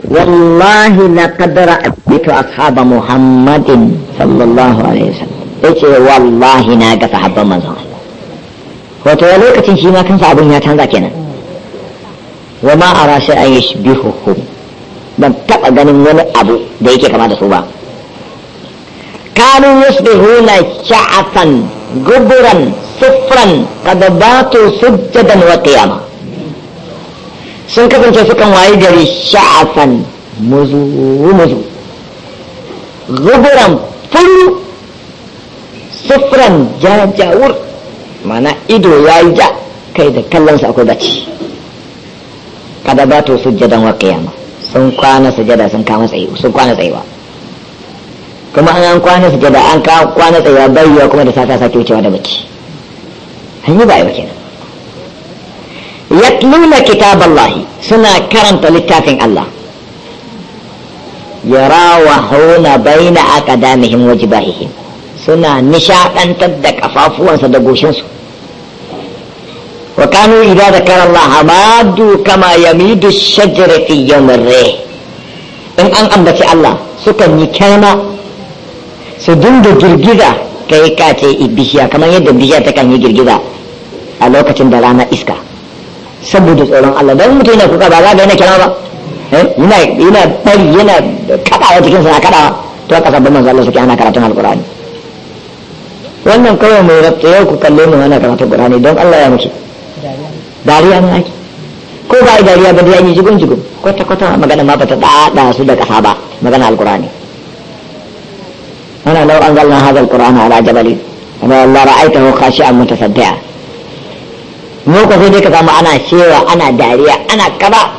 wallahi لقد رأيت أصحاب ashaba صلى الله عليه وسلم yace wallahi na ga sahabban manzon Allah wato a lokacin shi ma kansa abin ya canza kenan wa ma ara shay an yashbihuhum ban taba ganin wani abu da yake kama da su ba kanu yashbihuna sha'afan guburan sufran qad sujjadan wa qiyamah sun kasance sukan waye gari sha'afan muzu-muzu guburan fulu sufuran jajawur mana ido ya yi ja kai da kallonsa akwai bacci kada ba to sujjadan wa kiyama sun kwana sujjada sun kama tsaye sun kwana tsayewa kuma an an kwana sujjada an kwana tsayewa bayuwa kuma da sata sake wucewa da bacci hanyar ba yi kenan yatluna kitaballahi suna karanta littafin Allah hauna baina aqdamihim wa jibahihim suna nishadantar da kafafuwansa da goshinsu wa kanu idza zakara Allah madu kama yamidu ash-shajara fi in an ambaci Allah sukan yi kyama su dinga girgiza kai kace bishiya kamar yadda bishiya takan yi girgiza a lokacin da rana iska saboda tsoron Allah don mutum yana kuka ba za ga yana kira ba eh? yana yana bari yana kadawa cikin sa kadawa to aka sabbin manzo Allah suke ana karatun alqur'ani wannan kawai mai rabta yau ku kalle mu ana karatun alqur'ani don Allah ya mutu dariya ne ake ko ba ai dariya ba da yi jigun jigun kwata kwata magana ma bata dada su da kasa ba magana alqur'ani ana law anzalna hadha alqur'ana ala jabalin kama la ra'aytahu khashi'an mutasaddian mu dai ka samu ana shewa ana dariya ana kaba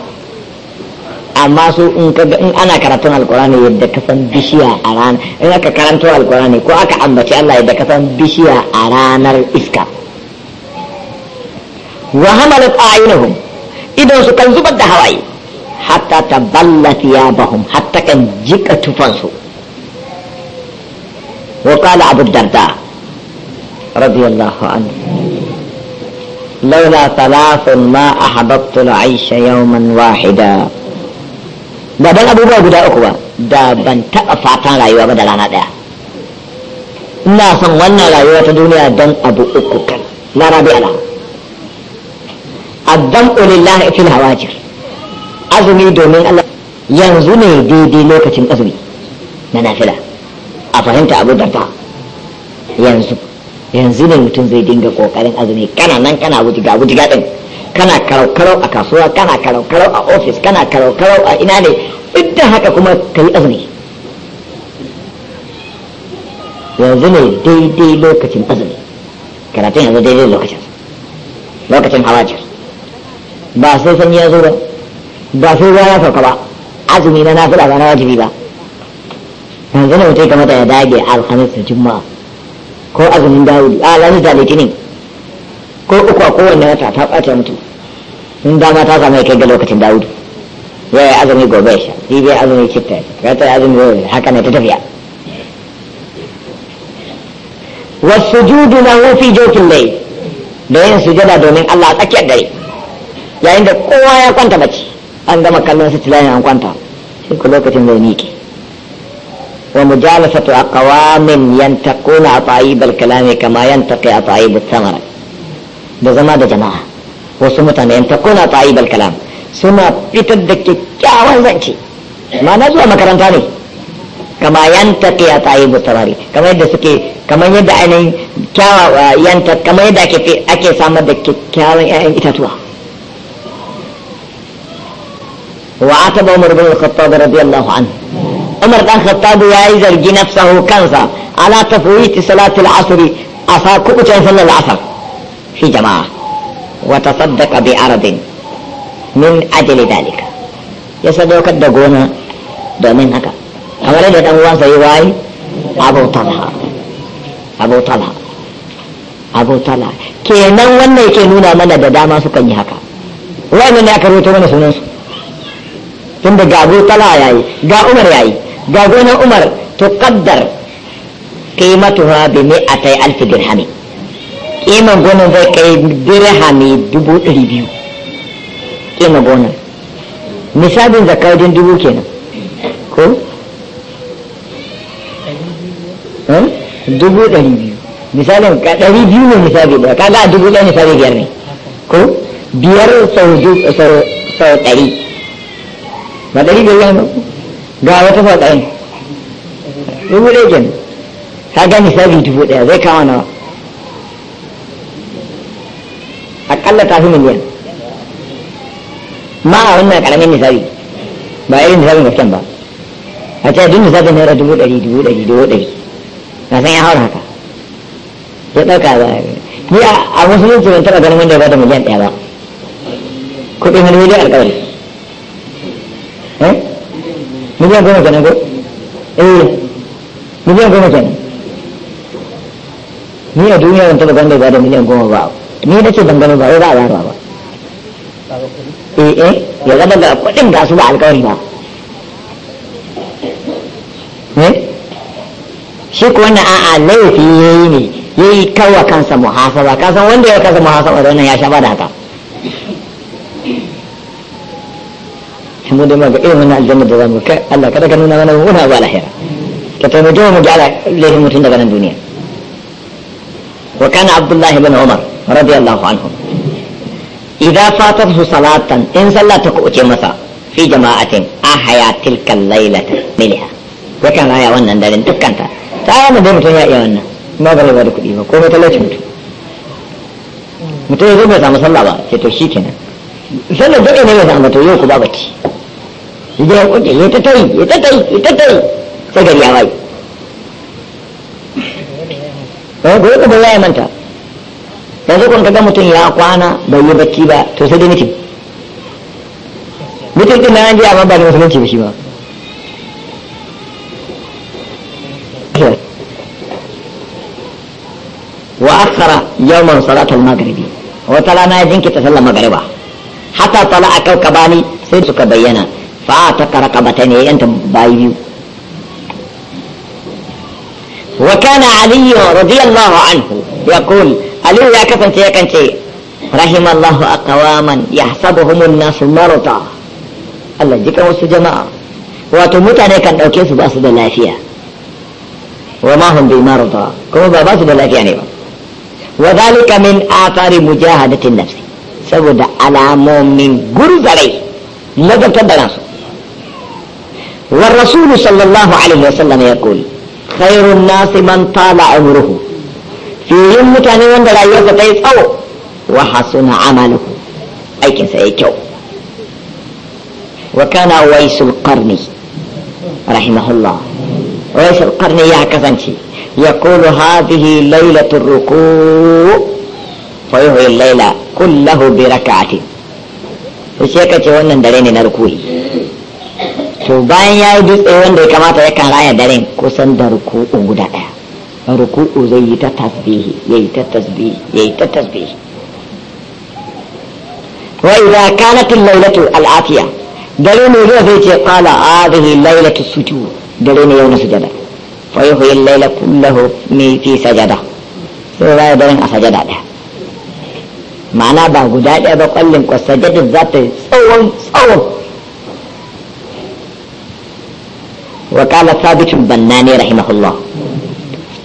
amma su in in ana karatun alkurani yadda ka san bishiya a ranar in aka karanto alkurani ko aka ambaci Allah yadda ka san bishiya a ranar iska wa hamalat a'yunuhum idan su kan zubar da hawaye hatta taballa thiyabahum hatta kan jika tufansu wa qala abu darda radiyallahu anhu لولا ثلاث ما أحببت العيش يوما واحدا ba don abubuwa guda uku ba da ban taɓa fatan rayuwa ba da rana ɗaya ina son wannan rayuwa ta duniya don abu uku kan na rabi ala addan ulillahi fil hawajir azumi domin Allah yanzu ne daidai lokacin azumi na nafila a fahimta abu darda yanzu yanzu ne mutum zai dinga kokarin azumi kana nan kana wujiga wujiga din kana karau-karau a kasuwa kana karau-karau a ofis kana karau-karau a ina ne duk haka kuma ka yi azumi yanzu ne daidai lokacin azumi karatun yanzu daidai lokacin lokacin hawajir ba sai sanyi ya zo ba ba sai ruwa ya sauka ba azumi na nafila ba na wajibi ba yanzu ne mutum kamata ya dage alhamis da juma'a ko azumin dawudi a ranar da litinin ko uku a kowane wata ta ɓata mutu in dama ta samu ya kai ga lokacin dawudi ya yi azumi gobe ya sha bai azumi citta ya ta azumi gobe haka ne ta tafiya wasu judu na hufi jokin lai da yin sujada domin allah a tsakiyar dare yayin da kowa ya kwanta mace, an gama kallon su tilayen an kwanta shi ku lokacin zai miƙe ومجالسة أقوام ينتقون أطايب الكلام كما ينتقي أطايب الثمرة بزما ده جماعة وسمتان ينتقون أطايب الكلام سنة بتدك كاوان زنشي ما نزوى ثاني كما ينتقي أطايب الثمرة كما يدسكي كما يدعي يعني كاوا ينتق كما يدعي كي أكي سامدك كاوان إتاتوا وعاتب عمر بن الخطاب رضي الله عنه umar dan khattab ya yi zargi nafsahu kansa ala tafwiti salatul asri a sa kubucin sallar asar shi jama'a wa tasaddaqa bi ardin min ajli dalika ya sadaukar da gona domin haka kamar da dan uwansa yi wayi abu talha abu talha abu talha kenan wannan yake nuna mana da dama sukan yi haka wannan ne aka rubuta mana sunansu da yayi umar yayi ga gonar umar to kaddar mai a bi mi'atai alf dirhami kiman gonar zai kai dirhami dubu ɗari biyu kima gonar misalin zakka wajen dubu kenan ko dubu ɗari biyu misalin ɗari biyu ne misali ɗaya kaga a dubu ɗaya misali biyar ne ko biyar sau sau ɗari ba ɗari biyar ne ba ga wata faɗayin dubu ɗaya kenan ka gani sabin dubu ɗaya zai kama nawa akalla ta fi miliyan ma a wannan ƙaramin nisabi ba irin nisabin gasken ba a ce duk nisabin naira dubu ɗari dubu ɗari dubu ɗari na san ya haura haka ya ɗauka ba ni a musulunci ban taɓa ganin wanda ya bada miliyan ɗaya ba kuɗin wani miliyan alƙawari eh? miliyan goma kenan ko eh miliyan goma kenan ni a duniya ban taɓa ganin da miliyan goma ba ni da ce ban gano ba wai ba a bayarwa ba eh eh ya zama da kuɗin ga su ba alƙawari ba eh shi ko wannan a'a laifi yayi ne yayi kawa kansa muhasaba kasan wanda ya kansa muhasaba da wannan ya sha da haka mu dai ma ga irin wannan aljanna da zamu kai Allah kada ka nuna mana wani abu alahira ka mu laifin mutum daga nan duniya wa kana abdullahi bin umar radiyallahu anhu idza fatatu salatan in sallah ta kuce masa fi jama'atin ahaya tilka laylata milha wata raya wannan daren dukkanta ta yana da mutum ya iya wannan ba ba da kuɗi ba komai mutum mutum ya zo bai samu sallah ba ke to shi kenan sallar daɗe ne bai samu to yau ku ba bacci idan ya kunce ya ta ta yi ya ta ta yi ya ta ta yi sai gari ya a eh gobe ka ya manta yanzu kun ga mutum ya kwana bai yi bacci ba to sai dai mutum mutum din nan ji amma ba da musulunci ba shi ba wa akhara yawman salatul wata rana ya jinkita sallar magariba hatta tala a kaukabani sai suka bayyana فاعتق رقبتين إيه انت بايبي وكان علي رضي الله عنه يقول علي يا كفنتي يا كنتي رحم الله أقواما يحسبهم الناس مرضى الله يجيك وسط جماعة وتموت عليك أن أوكيس بأس بالعافية وما هم بمرضى كم بأس بالعافية يعني نعم. وذلك من آثار مجاهدة النفس سبب على مؤمن قرز عليه مدى تدنسه والرسول صلى الله عليه وسلم يقول خير الناس من طال عمره فيهم متاني وند لا يفتيت أو وحسن عمله أي كنسا يكو وكان ويس القرن رحمه الله ويس القرن يا كسنشي يقول هذه ليلة الركوع فيهوي الليلة كله بركعة وشيكة وانا دريني نركوي so bayan ya yi dutse wanda ya kamata ya kan raya daren kusan da ruku'u guda ɗaya ruku'u zai yi ta tasbihi ya yi ta tasbihi ya yi ta tasbihi wa idza kanat al-laylatu al-afiya dare ne zai zai ce qala hadhihi laylatu sujud dare ne yau sujada fa yuhyi al-layla kullahu mi fi sajada sai raya daren a sajada ɗaya ma'ana ba guda ɗaya ba kwallin kwasajadin za ta yi tsawon tsawon وقال ثابت Banna ne الله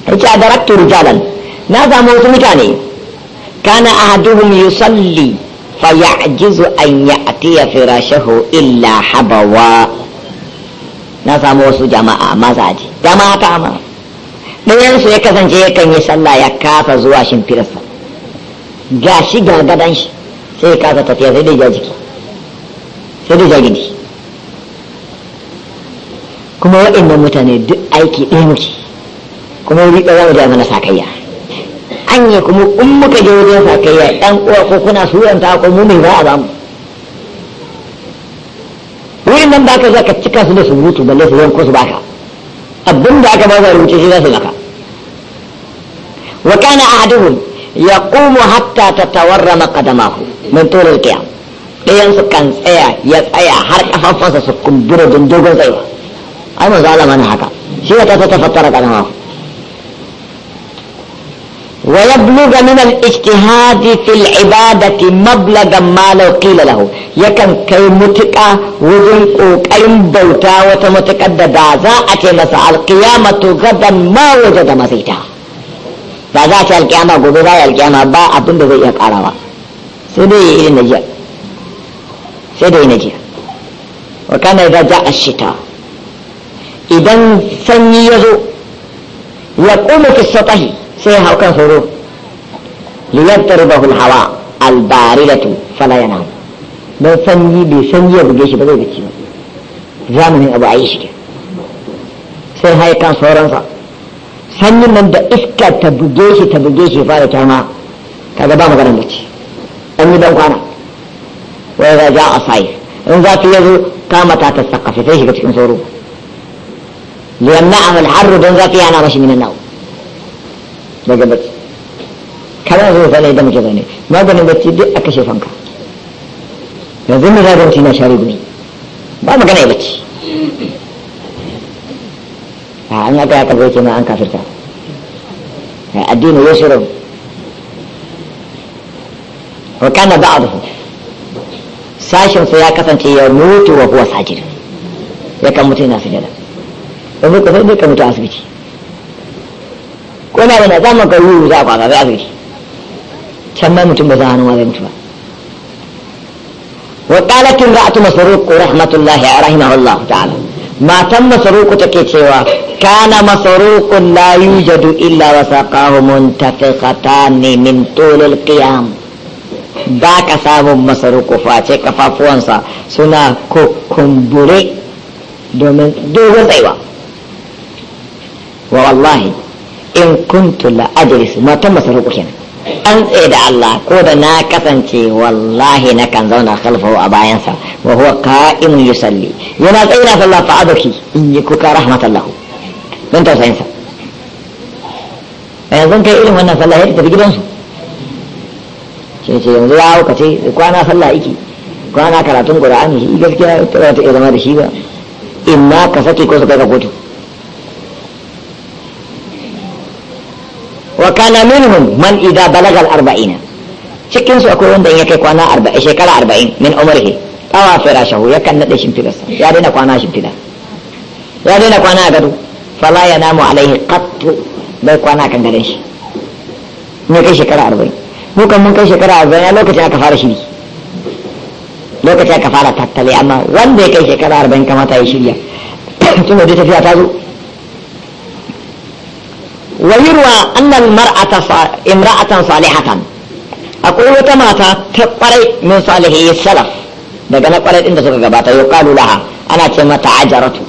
إذا أدركت رجالا ماذا موضوعني كان أحدهم يصلي فيعجز أن يأتي na samu wasu jama'a maza ji jama'a ta amma ɗayan su ya kasance ya kan yi sallah ya kasa zuwa shimfirarsa ga shi gargadan shi sai ya kasa tafiya sai dai ya jiki sai kuma waɗannan mutane duk aiki ɗaya muke kuma wuri ɗaya mu je mana sakayya an yi kuma in muka je wajen sakayya ɗan uwa ko kuna ta ko mu mai za a mu wurin nan baka za ka cika su da mutu balle su yanko su baka abin da aka ba za rubuce shi za su maka wa kana ahaduhum yaqumu hatta tatawarrama qadamahu min tul qiyam dayan su kan tsaya ya tsaya har kafafansa su kumbura don dogon أو ظالمناك سيرة تتفطرك أنا ويبلغ من الاجتهاد في العبادة مبلغا ما لو قيل له يكن كي متكا وزن قوكين بوتا وتمتكا دازا أتي مساء القيامة غدا ما وجد مسيتا دازا أتي القيامة قبضا القيامة با أبن بذي يقاروا سيدي إلي نجي سيدي نجي وكان إذا جاء الشتاء idan sanyi ya zo ya kuma fi sai ya haukan horo liyattar bahul hawa albarilatu fala yana don sanyi bai sanyi ya buge shi ba zai bacci ba zamanin abu a yi shi sai haikan sauransa sanyin nan da iska ta buge shi ta buge shi fara kyama kaga ba maganar bacci an yi dan kwana wai za a sa'i in zafi ya zo kama ta ta sakafe sai shiga cikin sauro ليمنعه الحر بنغطي يعني انا رشي من النوم بجبت كما هو فلا يدم كذاني ما بني بتدي اكشي عنك يظن هذا أنت شاربني ما بقنا يبتش آه، أنا أتى أتبويت ما أنك فرتا آه، الدين يسر وكان بعضه ساشن فيا كفن يموت وهو ساجر يكمتنا في جلال yanzu ka sai dai ka mutu asibiti ko na da za yi karu za a kwana za asibiti can ma mutum ba za a hannu zai mutu ba wa qalat imra'atu masruq rahmatullahi rahimahullah ta'ala matan ta ke cewa kana masruqun la yujadu illa wasaqahu muntafiqatan min tulil qiyam ba ka samun masaruku face kafafuwansa suna kukumbure domin dogon tsaiwa wa wallahi in kuntu la adris matan masaruku kenan da Allah ko da na kasance wallahi na kan zauna khalfahu a bayansa wa huwa qa'imun yusalli yana tsaye sallah fa in yi kuka rahmatallahu don tausayinsa yanzu kai irin wannan sallah ya tafi gidansu shi ce yanzu ya hauka ce kwana sallah iki kwana karatun qur'ani shi gaskiya ba zama da shi ka kai ka wa kana minhum man idza balagal arba'ina cikin su akwai wanda ya kai kwana 40 shekara 40 min umrihi tawa firashahu yakan nade shimfidarsa ya daina kwana shimfida ya daina kwana a gado fala yanamu alaihi qattu bai kwana kan gadon shi ne kai shekara 40 mu kan mun kai shekara 40 ya lokacin aka fara shiri lokacin aka fara tattale amma wanda ya kai shekara 40 kamata ya shirya tun da tafiya ta zo ويروى أن المرأة امرأة صالحة أقول تماتا تقري من صالح السلف بقنا قرأت انت سوك يقال لها أنا تسمى تعجرته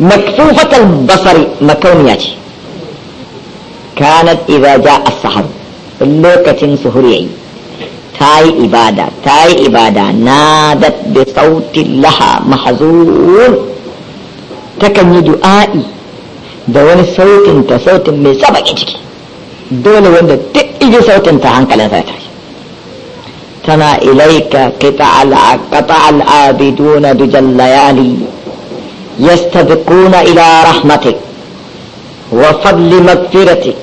مكفوفة البصر مكونياتي كانت إذا جاء السحر اللوكة سهريعي تاي إبادة تاي إبادة نادت بصوت لها محزون تكني دعائي da wani sautin ta sautin mai sabaki ciki dole wanda duk iji sautin ta hankalin sa ta tana ilaika kita qita al-abiduna dujal layali yastabiquna ila rahmatik wa fadli magfirati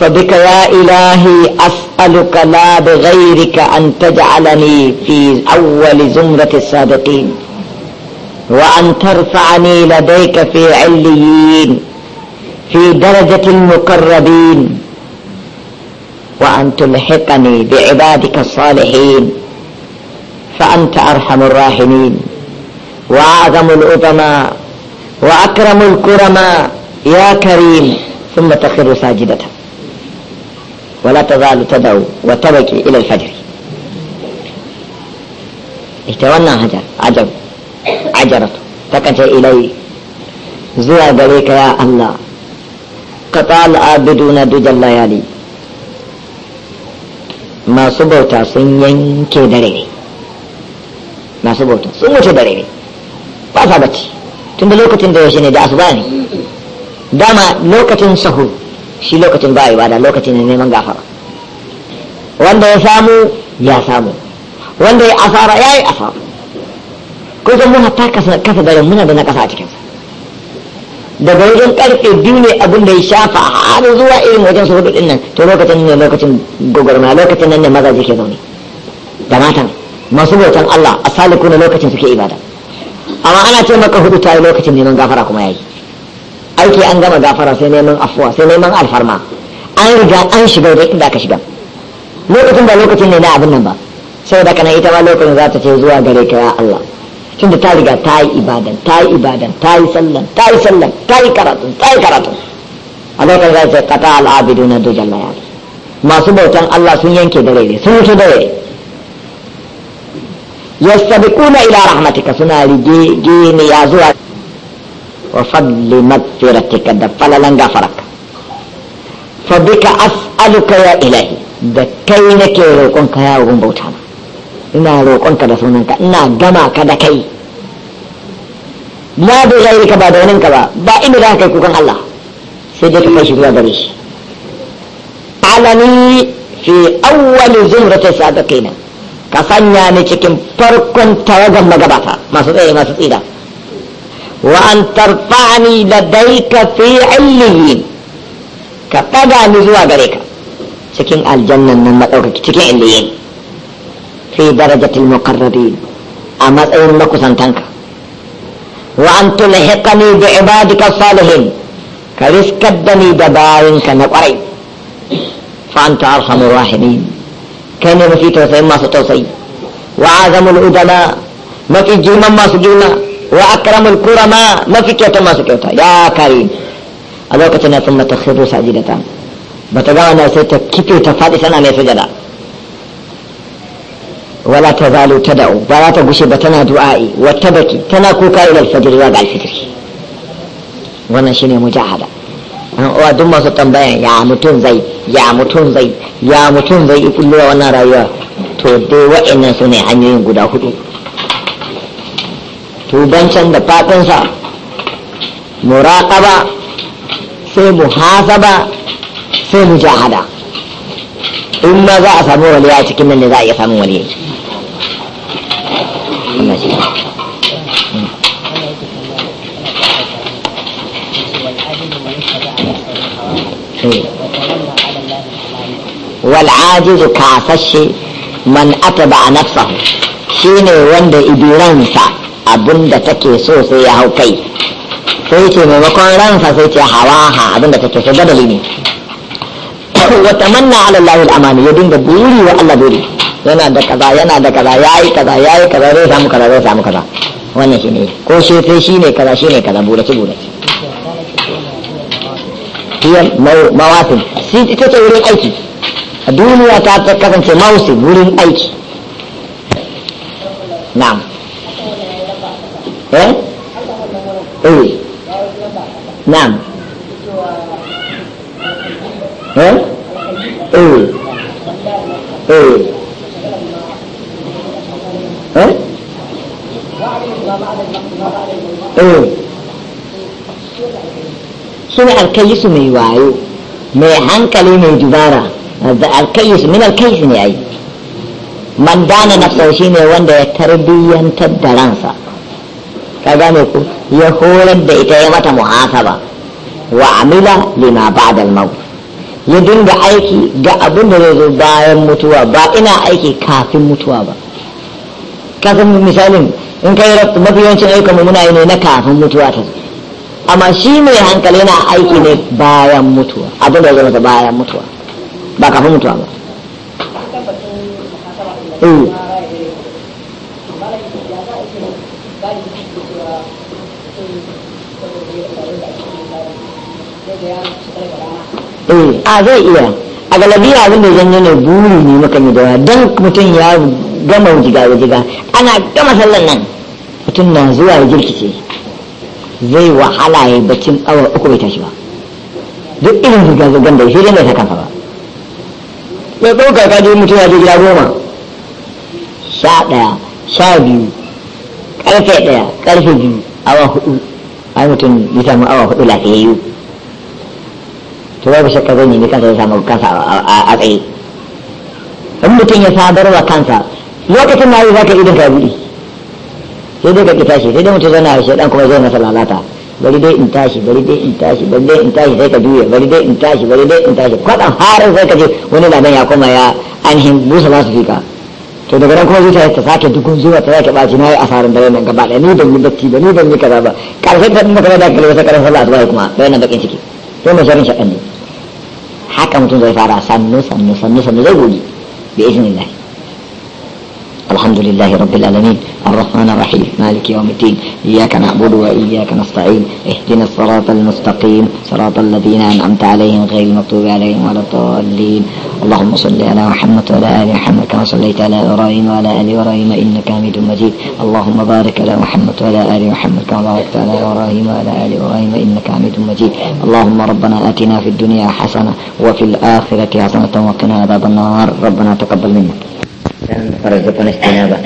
فبك يا إلهي أسألك لا بغيرك أن تجعلني في أول زمرة الصادقين وأن ترفعني لديك في عليين في درجة المقربين وأن تلحقني بعبادك الصالحين فأنت أرحم الراحمين وأعظم الأطماء وأكرم الكرماء يا كريم ثم تخر ساجدة ولا تزال تدعو وتبكي إلى الفجر اهتوانا عجب عجب hajarat ta ce ilai zuwa gare ka ya Allah ka tsala abiduna dujan layali masu bauta sun yanke dare ne masu bauta sun wuce dare ne ba sa bacci tun da lokacin da yaushe ne da asuba ne dama lokacin sahu shi lokacin ba ibada lokacin ne neman gafara wanda ya samu ya samu wanda ya asara ya yi asara ko zan muna ta kasa kasa dare muna da na kasa a cikinsa daga wajen karfe biyu ne abin da ya shafa har zuwa irin wajen su hudu dinnan to lokacin ne lokacin gogorma lokacin nan ne mazaje ke zaune da matan masu bautan Allah a saliku na lokacin suke ibada amma ana ce maka hudu ta yi lokacin neman gafara kuma yayi aiki an gama gafara sai neman afuwa sai neman alfarma an riga an shiga da inda aka shiga lokacin ba lokacin ne na abin nan ba saboda kana ita ma lokacin za ta ce zuwa gare ka ya Allah tunda ta riga ta yi ibadan ta yi ibadan ta yi sallan ta yi sallan ta yi karatun ta yi karatun a lokacin za ta kata al'abidu na dujan layar masu bautan Allah sun yanke da rai sun dare. ya rai yastabiquna ila rahmatika suna rige gene ya zuwa wa fadli magfiratika da falalan gafaraka fa bika as'aluka ya ilahi da kai nake roƙon ka ya wurin bauta na ina roƙonka da sunanka ina gama ka da kai la da zairi ka ba da waninka ba ba inda za ka kai kukan Allah sai dai ka kai shi zuwa gare shi alani fi awwali zumratin sabiqina ka sanya ni cikin farkon tawagan magabata masu tsaye masu tsira wa an tarfa'ani ka fi illiyin ka ɗaga ni zuwa gare ka cikin aljannan nan maɗaukaki cikin illiyin في درجة المقربين أما أين لك سنتنك وأن تلحقني بعبادك الصالحين كرسك الدني دبار كنقري فأنت أرحم الراحمين كان في توصي ما ستوصي وعظم الأدماء ما في جيما ما سجونا وأكرم الكرماء ما في كيتا ما سكيتا يا كريم أذوكتنا ثم تخبو ساجدتا بتغانا سيتا كيتو تفاتي سنة ميسجدا wala ta zalo ta da'u ba za ta gushe ba tana du'a'i wata baki tana kuka ila alfajir zuwa ga alfajir wannan shine mujahada an uwa duk masu tambaya ya mutum zai ya mutum zai ya mutum zai yi kullu wannan rayuwa to dai wa'annan su ne hanyoyin guda hudu tubancan da fatansa muraqaba sai muhasaba sai mujahada in ma za a samu waliya cikin nan ne za a iya samun waliya ina ji والعاجز كافشي man ataba nafsahu shine wanda ibiransa abinda take so sai ya hau kai sai ce maimakon ransa sai ce hawaha abinda take so gadali ne wata manna ala Allah al'amani ya dinga buri wa Allah buri yana da kaza yana da kaza yayi kaza yayi kaza zai samu kaza zai samu kaza wannan shine ko shefe shine kaza shine kaza burace burace hiyar mawatin shi ita ce wurin aiki a duniya ta kasance mawusin wurin aiki na'am eh eh na'am eh eh eh Eh? Eh. suna alkayisu mai wayo mai hankali mai dubara da alkayisu min alkayisu ne ai man dana nafsa shi ne wanda ya tarbiyyantar da ransa ka gane ku ya horar da ita ya mata muhasaba wa amila lima ba'da al ya dinga aiki ga abin da zai zo bayan mutuwa ba ina aiki kafin mutuwa ba ka san misalin in kai rabt mafi yawancin ayyukan mu muna yi ne na kafin mutuwa ta amma shi mai hankali na aiki ne bayan mutuwa abin da zama bayan mutuwa ba kafin mutuwa ba eh. Eh. a zai iya a galabiya abin da janyo ne buri ne maka mai dawa don mutum ya gama jiga jiga ana gama sallan nan mutum na zuwa ya girkice zai wahala ya bacin awa uku bai tashi ba duk irin jiga jigan da shi ne ta kansa ba ya ɗauka ka je mutum ya je gida goma sha ɗaya sha biyu ƙarfe ɗaya ƙarfe biyu awa hudu a mutum ya samu awa hudu lafiyayyu to babu shakka zai nemi kansa ya samu kansa a tsaye in mutum ya sadar wa kansa lokacin na yi za ka idan ka buɗe sai dai ka ki tashi sai dai mutum zauna a shaidan kuma zai sa lalata bari dai in tashi bari dai in tashi bari dai in tashi sai ka juya bari dai in tashi bari dai in tashi kwaɗan harin sai ka je wani laban ya koma ya ainihin busa masu fika to daga nan kuma zai ta sake dukun zuwa ta sake ɓaci na yi asarin da wannan gaba ɗaya ni ban yi bacci ba ni ban yi kaza ba ƙarshen ta ɗin da kuma da kalmar sa ƙarshen sallah asuba kuma da nan bakin ciki sai mai sharin shaɗan ne haka mutum zai fara sannu sannu sannu sannu zai goge bi izinin lahi الحمد لله رب العالمين الرحمن الرحيم مالك يوم الدين إياك نعبد وإياك نستعين اهدنا الصراط المستقيم صراط الذين أنعمت عليهم غير المطلوب عليهم ولا الضالين اللهم صل على محمد وعلى آل محمد كما صليت على إبراهيم وعلى آل إبراهيم إنك حميد مجيد اللهم بارك على محمد وعلى آل محمد كما باركت على إبراهيم وعلى آل إبراهيم إنك حميد مجيد اللهم ربنا آتنا في الدنيا حسنة وفي الآخرة حسنة وقنا عذاب النار ربنا تقبل منا وارزقنا اجتنابه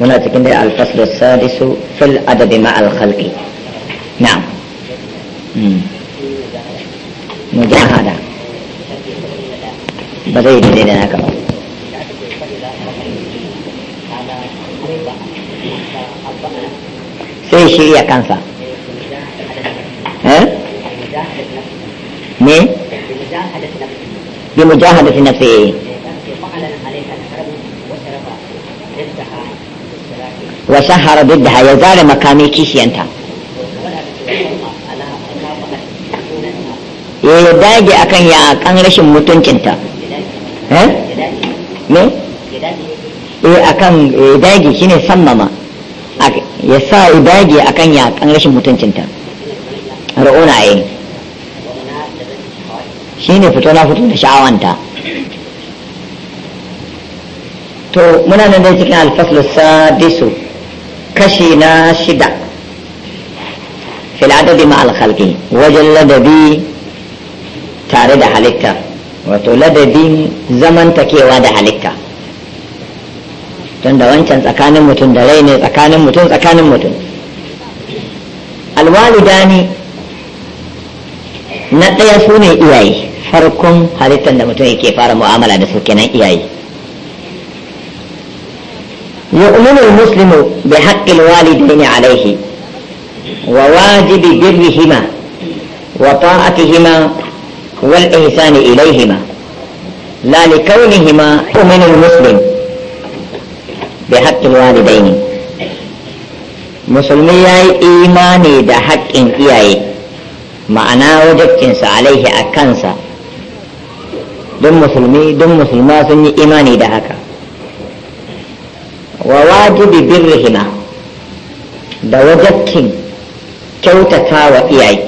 هنا تكمل الفصل السادس في الأدب مع الخلق نعم مجاهدة بزي دليل هناك sai shi iya kansa ne بمجاهدة نفسه nafsi eh wa shahara da ya zare makami kishiyanta ya ya dage akan ya rashin mutuncinta eh akan ya dage shine sammama ya sa ya dage akan ya rashin mutuncinta ra'una eh shine fito na da sha'awanta to muna nan dai cikin alfaslu sadisu kashi na shida filadadi ma alkhalqi wajen ladabi tare da halitta wato ladabin zamantakewa da halitta tun da wancan tsakanin mutum da rai ne tsakanin mutum tsakanin mutum alwalidani na ɗaya su iyaye farkon halittar da mutum yake fara mu'amala da su kenan iyaye يؤمن المسلم بحق الوالدين عليه وواجب برهما وطاعتهما والإحسان إليهما لا لكونهما يؤمن المسلم بحق الوالدين musulmi yayi yi imani da haƙƙin iyaye ma'ana wajabcinsa alaihi a kansa don musulmi sun yi imani da haka wa wajibi birrihima da wajattin kyautata wa iyaye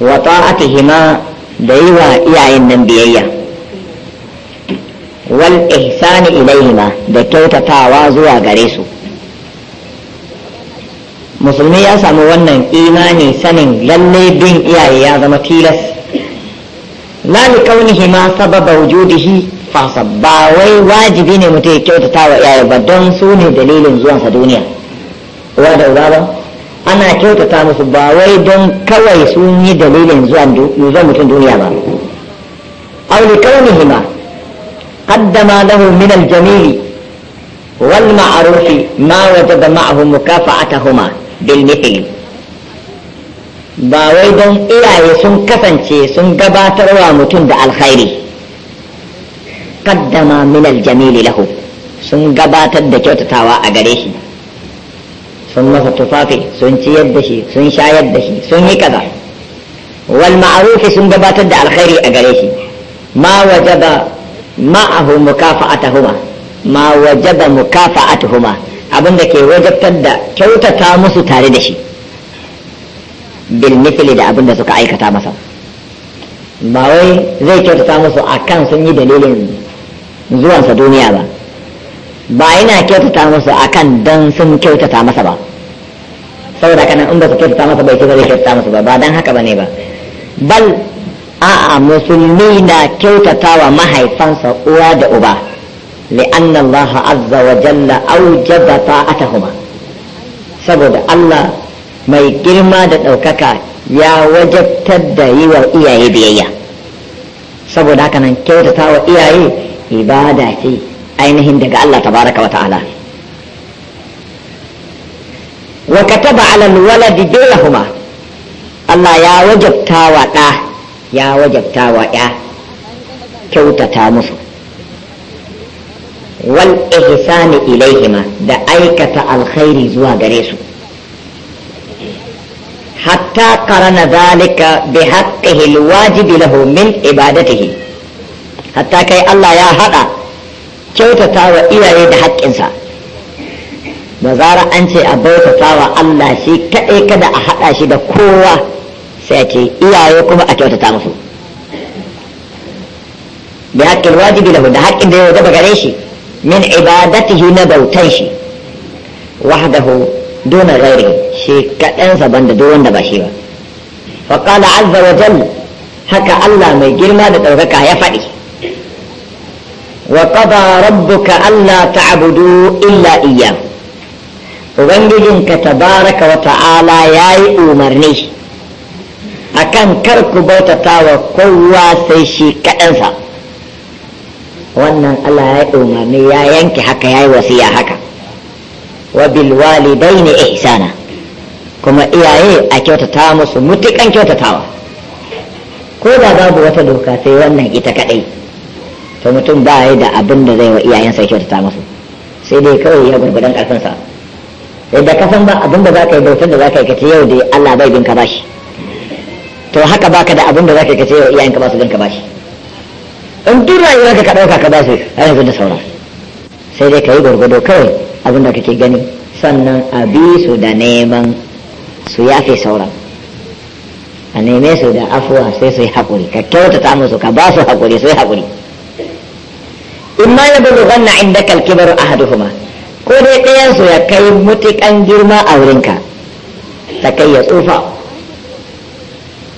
wa ta'atihima da yi wa iyayen nan biyayya wal ihsani ilaihima da kyautatawa zuwa gare su musulmi ya samu wannan imani sanin lalle bin iyaye ya zama tilas la li kaunihi ma sababa wujudihi fasab ba wai wajibi ne mutum ya kyautata wa 'ya'ya ba don su ne dalilin zuwansa duniya Wa da uba ana kyautata musu ba wai don kawai sun yi dalilin zuwan mutum duniya ba aw li kaunihi ma qaddama lahu min al jamili wal ma'ruf ma wajaba ma'ahu mukafa'atahuma bil mithli ba wai don iyaye sun kasance sun gabatar wa mutum da alkhairi qaddama min aljamili lahu sun gabatar da kyautatawa a gare shi sun masa tufafi sun ciyar da shi sun shayar da shi sun yi kaza wal ma'arufi sun gabatar da alkhairi a gare shi ma wajaba ma'ahu mukafa'atuhuma ma wajaba mukafa'atuhuma abinda ke wajabtar da kyautata musu tare da shi bilmisali da abin da suka aikata masa ba wai zai kyautata musu a kan sun yi dalilin zuwansa duniya ba ba yana kyautata musu a kan don sun kyautata masa ba saboda kana in ba su kyautata masa bai ce zai kyautata musu ba ba don haka ba ne ba bal a'a musulmi na kyautata wa mahaifansa uwa da uba لأن الله عز وجل أوجب طاعتهما saboda Allah mai girma da ɗaukaka ya wajabtar da yi wa iyaye biyayya saboda haka nan kyautata wa iyaye ibada ce ainihin daga Allah tabaraka wa ta'ala wa kataba ala alwaladi birrahuma Allah ya wajabta wa ɗa ya wajabta wa ya kyautata musu wal ihsani ilaihima da aikata alkhairi zuwa gare su hatta karana zalika bi haqqihi alwajibi lahu min ibadatihi hatta kai Allah ya haɗa kyautata wa iyaye da hakinsa da zara an ce a bautata wa Allah shi kaɗai kada a haɗa shi da kowa sai iyaye kuma a kyautata musu bi haƙƙin wajibi lahu da haƙƙin da ya wajaba gare shi min ibadatihi na bautan shi wahdahu دون غيره شيء كأن سبند دون دبشيرا فقال عز وجل هكا الله من جرما لتوكك يا فدي وقضى ربك ألا تعبدوا إلا إياه ta tabaraka wa ta'ala ya yi umarni a kan ku bautata wa kowa sai shi kaɗansa. Wannan Allah ya yi umarni ya yanke haka ya yi wasiya haka. wa bil walidaini ihsana kuma iyaye a kyautata musu mutukan kyautatawa ko da babu wata doka sai wannan ita kadai to mutum ba ya da abin da zai wa iyayensa kyautata musu sai dai kawai ya gurgudan karfinsa sai da kasan ba abin da za ka yi bautar da za ka yi kace yau dai Allah bai bin ka bashi to haka baka da abin da za ka yi kace yau iyayenka ba su bin ka bashi in duk rayuwarka ka dauka ka ba su har yanzu da sauran sai dai ka yi gurgudo kawai abin da kake gani sannan a bi su da neman su yafe sauran a neme su da afuwa sai su yi haƙuri ka kyautata musu ka ba su haƙuri su haƙuri in ma ya bugu ganna inda kalkibar ahaduhuma ko dai ɗayansu ya kai mutuƙan girma a wurinka ta kai ya tsufa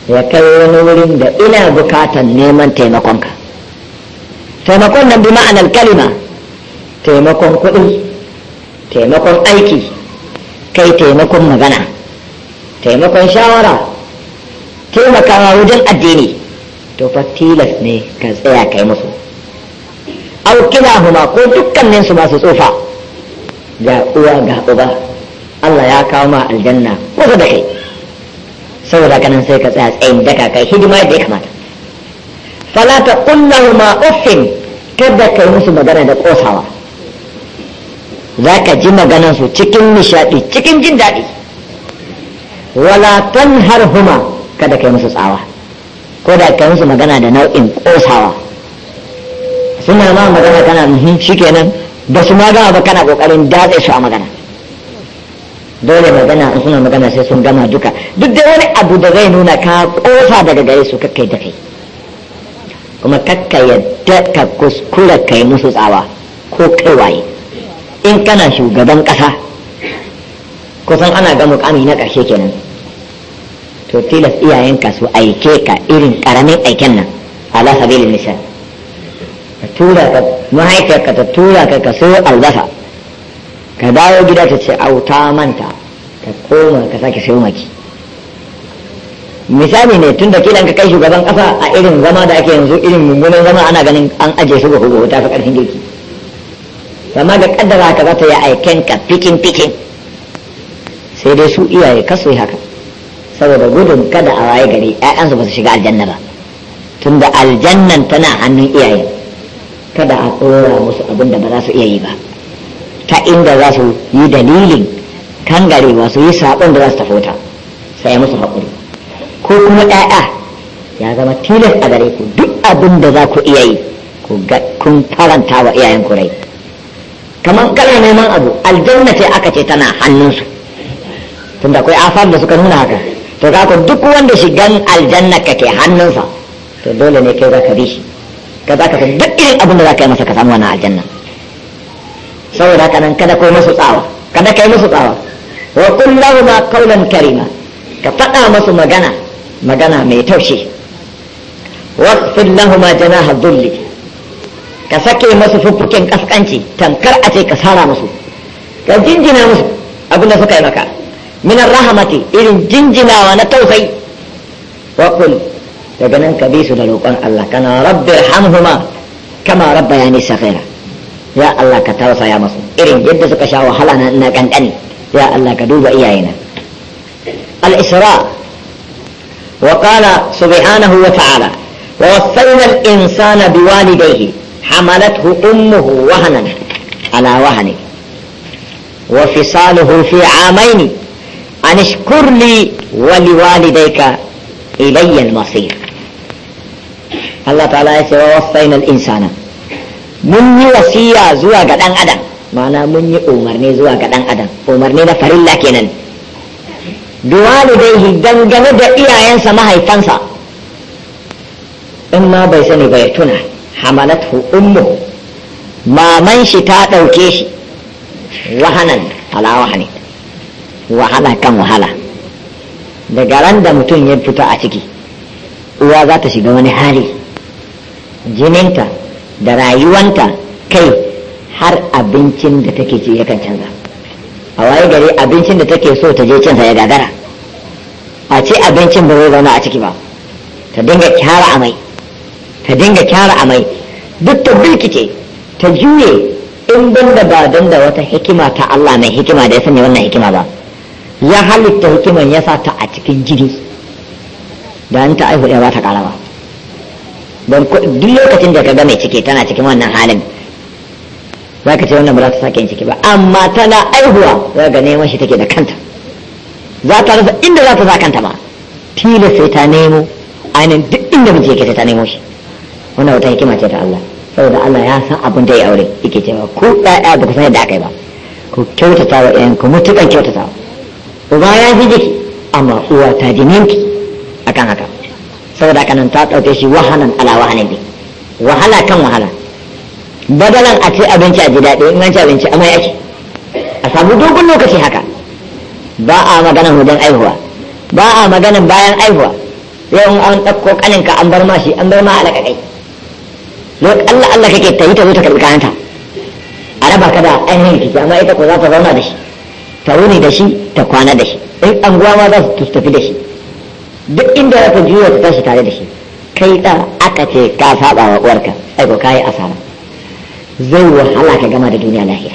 ya kai wani wurin da ina bukatan neman taimakonka taimakon nan bi ma'anar kalima taimakon kuɗi taimakon aiki kai taimakon magana taimakon shawara taimakawa wajen addini to fa tilas ne ka tsaya kai musu au huma ko dukkanin su masu tsufa ga uwa ga uba Allah ya kawo ma aljanna kusa da kai saboda kanan sai ka tsaya tsayin daka kai hidima yadda ya kamata fala ta ma uffin kada kai musu magana da kosawa za ka ji maganansu cikin nishaɗi cikin jin daɗi wala tan har huma kada kai musu tsawa ko da kai musu magana da nau'in ƙosawa suna ma magana kana muhim nan, ba su ma ba kana ƙoƙarin datse su a magana dole magana in suna magana sai sun gama duka duk da wani abu da zai nuna ka ƙosa daga gare su kakkai da kai kuma kakka yadda ka kuskura kai musu tsawa ko kai waye in kana shugaban ƙasa kusan ana ga mukami na ƙarshe kenan to tilas iyayenka su aike ka irin ƙaramin aiken nan ala sabili misal ka tura ka mahaifiyarka ta tura ka ka so albasa ka dawo gida ta ce auta manta ka koma ka sake sayo maki misali ne tun da kilan ka kai shugaban kasa a irin zama da ake yanzu irin mummunan zama ana ganin an aje su ga hugo ta fi karfin girki amma da kaddara ka za ta yi aiken ka fikin fikin sai dai su iyaye kasu haka saboda gudun kada a waye gari ƴaƴansu ba su shiga aljanna ba tunda aljannan tana hannun iyaye kada a tsora musu abin da ba za su iya yi ba ta inda za su yi dalilin gari su yi saƙon da za su tafota sai musu haƙuri ko kuma ƴaƴa ya zama tilas a gare ku duk abin da za ku iya yi kun faranta wa iyayen ku rai kamar kana neman abu aljanna ce aka ce tana hannunsu tunda akwai afar da suka nuna haka to ka duk wanda shigan aljanna ka ke hannunsa to dole ne kai za ka bi shi ka za ka san duk irin abin da za ka yi masa ka samu wannan aljanna saboda haka nan kada kai masu tsawa kada kai masu tsawa wa kullahu ma qawlan karima ka faɗa masu magana magana mai taushi waqfil lahum janaha dhulli ka sake masu fuffukin kaskanci tamkar a ce ka sara musu ka jinjina musu abinda suka yi maka minar rahamati irin jinjinawa na tausayi wa daga nan ka bi su da roƙon Allah kana rabbi hamhuma kama rabba ya nisa khaira ya Allah ka tausaya musu irin yadda suka sha wahala na ina kankani ya Allah ka duba iyayena al-isra wa qala subhanahu wa ta'ala wa wasaina al-insana biwalidayhi حملته أمه وهنا على وهن وفصاله في عامين أن اشكر لي ولوالديك إلي المصير الله تعالى يسوى وصينا الإنسان mun yi wasiya zuwa ga ɗan adam ma'ana mun yi umarni zuwa ga ɗan adam umarni na farilla kenan duwalidaihi dangane da iyayensa mahaifansa in ma bai sani ba ya tuna hamalathu ummuhu maman shi ta ɗauke shi wahalan ala wahani wahala kan wahala daga ran da mutum ya fita a ciki uwa za ta shiga wani hali jininta da rayuwanta kai har abincin da take ci yakan canza a waye gari abincin da take so ta je cinsa ya gagara a ce abincin ba zai zauna a ciki ba ta dinga kyara amai Ka dinga kyara amai duk ta bilkice ta juye in da ba don da wata hikima ta Allah mai hikima da ya sanya wannan hikima ba ya halitta hikiman ya sa ta a cikin jini da an ta aihu ɗaya ba ta ƙara ba duk lokacin da ka ga mai ciki tana cikin wannan halin za ka ce wannan ba za ta sake yin ciki ba amma tana aihuwa za ga neman shi take da kanta za ta rasa inda za ta sa kanta ba tilas sai ta nemo ainihin duk inda mace yake sai ta nemo shi wannan wata hikima ce ta Allah saboda Allah ya san abin da ya aure yake cewa ko ɗaya ba ku san yadda aka yi ba ku kyautata wa ɗayan ku mutukan kyautata uba ya fi jiki amma uwa ta ji ninki akan haka saboda haka nan ta ɗauke shi wahalan ala wahalan bi wahala kan wahala badalan a ci abinci a ji daɗi in an ci abinci amai ake a samu dogon lokaci haka ba a maganan wajen aihuwa ba a maganan bayan aihuwa yau an ɗauko ƙaninka an bar ma shi an bar ma alaƙaƙai Allah Allah kake ta yi ta zo ta karbi kayanta a raba kada da ainihin kiki amma ita ko za ta zauna da shi ta wuni da shi ta kwana da shi in anguwa ma za su tafi da shi duk inda za ta juya ta tashi tare da shi kai ta aka ce ka saba wa uwarka aiko ka yi asara zai wahala ka gama da duniya lahira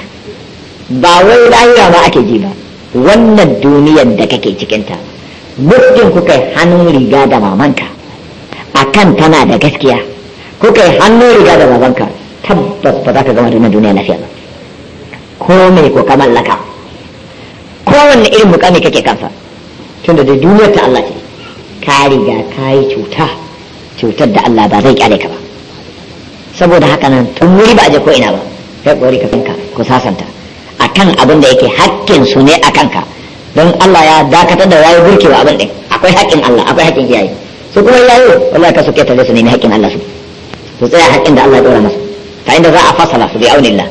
ba wai lahira ma ake ji ba wannan duniyar da kake cikinta muddin kuka hannun riga da mamanka akan tana da gaskiya ko kai hannu riga da babanka tabbas ba za ka gama wannan duniya lafiya ba ko mai ko ka mallaka wanne irin mukami kake kansa tunda da duniyar ta Allah ce ka riga ka yi cuta cutar da Allah ba zai kyale ka ba saboda haka nan tun wuri ba a je ko ina ba kai kori ka kanka ko sasanta akan abin da yake hakkin su ne a kanka don Allah ya dakatar da wayo burkewa abin din akwai hakkin Allah akwai hakkin iyaye su kuma iyaye wallahi ka suke tare su ne hakkin Allah su su tsaya haƙƙin da Allah ya ɗora masa Ta inda za a fasala su bi aunillah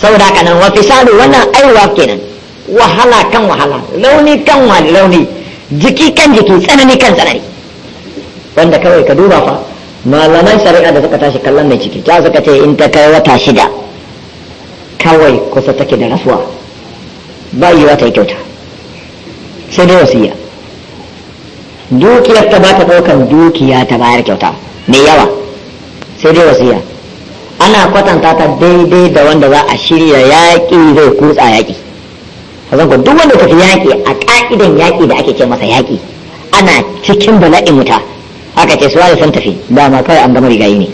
saboda haka nan wa salu wannan aiwa kenan wahala kan wahala launi kan wani launi jiki kan jiki tsanani kan tsanani wanda kawai ka duba fa malaman shari'a da suka tashi kallon mai ciki ta suka ce in ta kai wata shida kawai kusa take da rasuwa ba yiwa ta yi kyauta sai dai wasiya dukiyar ta ba ta ɗaukan dukiya ta bayar kyauta mai yawa sai dai wasiya ana kwatanta ta daidai da wanda za a shirya yaƙi zai kutsa yaƙi hazan ku duk wanda tafi yaƙi a ƙa'idan yaƙi da ake ce masa yaƙi ana cikin bala'in wuta haka ce da san tafi ma kawai an gama rigayi ne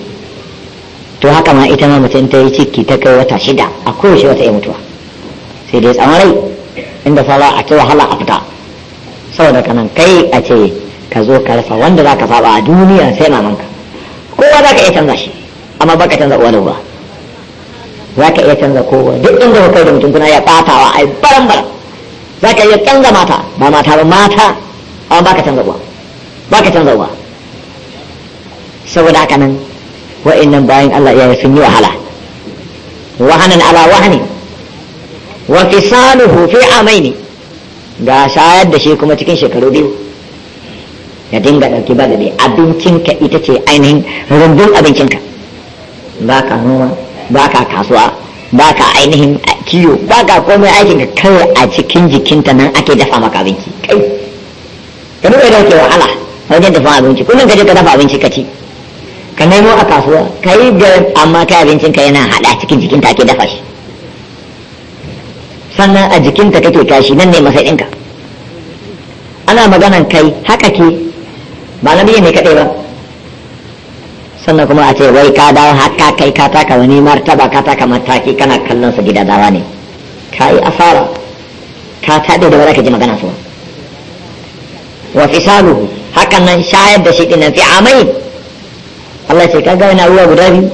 to haka ma ita ma mutum ta yi ciki ta kai wata shida a kowace wata ya mutuwa sai dai tsawon rai inda sala a ci wahala a fita saboda kanan kai a ce ka zo ka rasa wanda za ka saba a duniya sai na manka. kowa za ka iya canza shi amma ba ka canza uwa ba za ka iya canza kowa duk inda ka kai da mutum kuna ya ɓatawa a baran baran za ka iya canza mata ba mata ba mata amma ba ka canza uwa ba ka canza uwa saboda haka nan wa'annan bayan Allah ya sun yi wahala wahanan ala wahani wa fisaluhu fi amaini ga shayar da shi kuma cikin shekaru biyu ya dinga ɗauki ba da abincinka ita ce ainihin rumbun abincinka ba ka noma ba ka kasuwa ba ka ainihin kiyo ba ka komai aikin ka kawai a cikin jikinta nan ake dafa maka abinci kai ka nuna dauke wahala wajen dafa abinci kullum ka je ka dafa abinci ka ci ka nemo a kasuwa ka yi garin, amma kai abincin ka yana haɗa a cikin jikinta ake dafa shi sannan a jikinta kake tashi nan ne masa ɗinka ana maganan kai haka ke ba na biya ne kaɗai ba sannan kuma a ce wai ka dawo har kai ka taka wani martaba ka taka mataki kana kallon su gida dawa ne ka yi asara ka taɗe da ba ji magana su wa fi salu hakan nan shayar da shi ɗin fi amai Allah ce ka ga wani abubuwa guda biyu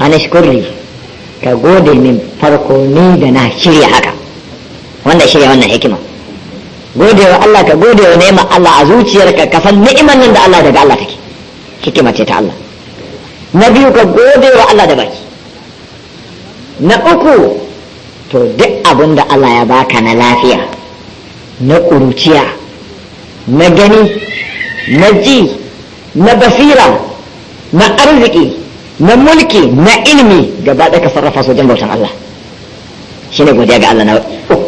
ana shukurri ka gode min farko ni da na shirya haka wanda shirya wannan hikima godewa Allah ka godewa nema Allah a zuciyarka ka san ni'imar nan da Allah daga Allah take hikima ce ta Allah na biyu ka godewa Allah da baki na uku to duk abin da Allah ya baka na lafiya na ƙuruciya na gani na ji na basira na arziki na mulki na ilimi gaba ɗaya ka sarrafa su wajen bautan Allah ne godiya ga Allah na uku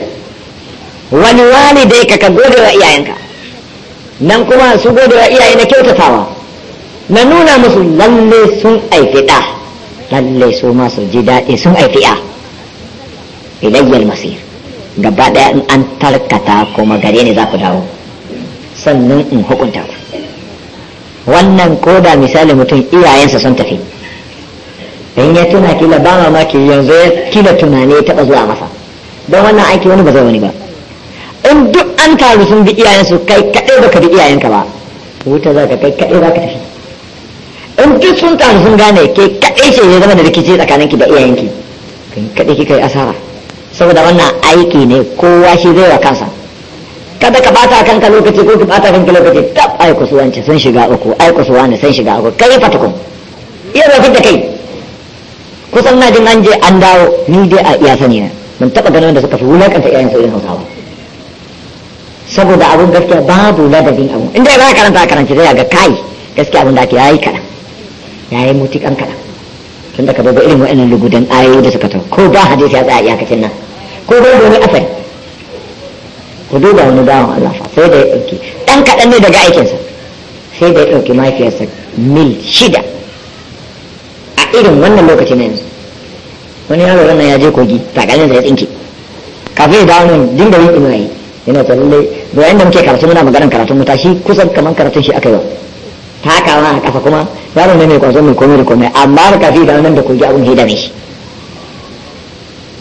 wani wani dai ka gode wa iyayenka nan kuma su gode wa iyaye na kyautatawa na nuna musu lalle sun aifi ɗa lalle su ma su ji daɗi sun aifi ya ilayyar masir gaba ɗaya in an tarkata kuma gare ne za ku dawo sannan in hukunta ku wannan koda misali mutum iyayensa sun tafi in ya tuna kila ba mamaki yanzu ya kila tunani ya taɓa zuwa masa don wannan aiki wani ba zai wani ba in duk an taru sun bi iyayensu kai kaɗai baka bi iyayenka ba wuta za ka kai kaɗai ba ka tafi in duk sun taru sun gane ke kaɗai ce ya zama da rikici tsakaninki da iyayenki kai kaɗai kika yi asara saboda wannan aiki ne kowa shi zai wa kansa kada ka bata kanka lokaci ko ka bata kanka lokaci tab ai ku suwanci sun shiga uku ai ku suwanci sun shiga uku kai fatakun iya ba da kai kusan na jin an je an dawo ni dai a iya sani na mun taɓa ganin da suka fi wulakanta iyayen sauyin hausawa saboda abun gaskiya babu ladabin abu inda ba karanta karanci zai ga kai gaskiya abun da ake yayi kaɗan yayi mutukan kaɗan tun da ka babu irin wa'annan lugudan ayoyi da suka tau ko ba hadisi ya tsaya iyakacin nan ko bai da wani asali ku duba wani bawan Allah fa sai da ya ɗauki ɗan kaɗan ne daga aikinsa sai da ya ɗauki mahaifiyarsa mil shida a irin wannan lokacin ne yanzu wani yaro wannan ya je kogi takalin sa ya tsinke kafin ya dawo nan dinga yin inuwa yi ina ta lalle da yayin muke karatu muna maganar karatu mu tashi kusan kamar karatun shi aka yau takawa a kafa kuma yaro ne mai kwanzo mai komai da komai amma ka fi da nan da kogi abun hida ne shi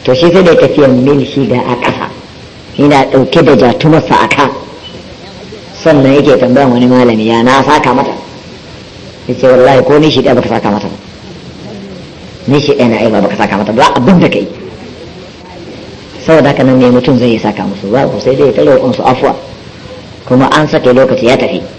to shi sai da tafiyan mil da a kafa ina dauke da jatumarsa a ka sannan yake tambaya wani malami ya na saka mata yace wallahi ko ni shi da baka saka mata ba ni shi ɗaya na aiba baka saka mata ba abin da kai saboda haka nan ne mutum zai yi saka musu ba sai dai ta roƙon su afuwa kuma an sake lokaci ya tafi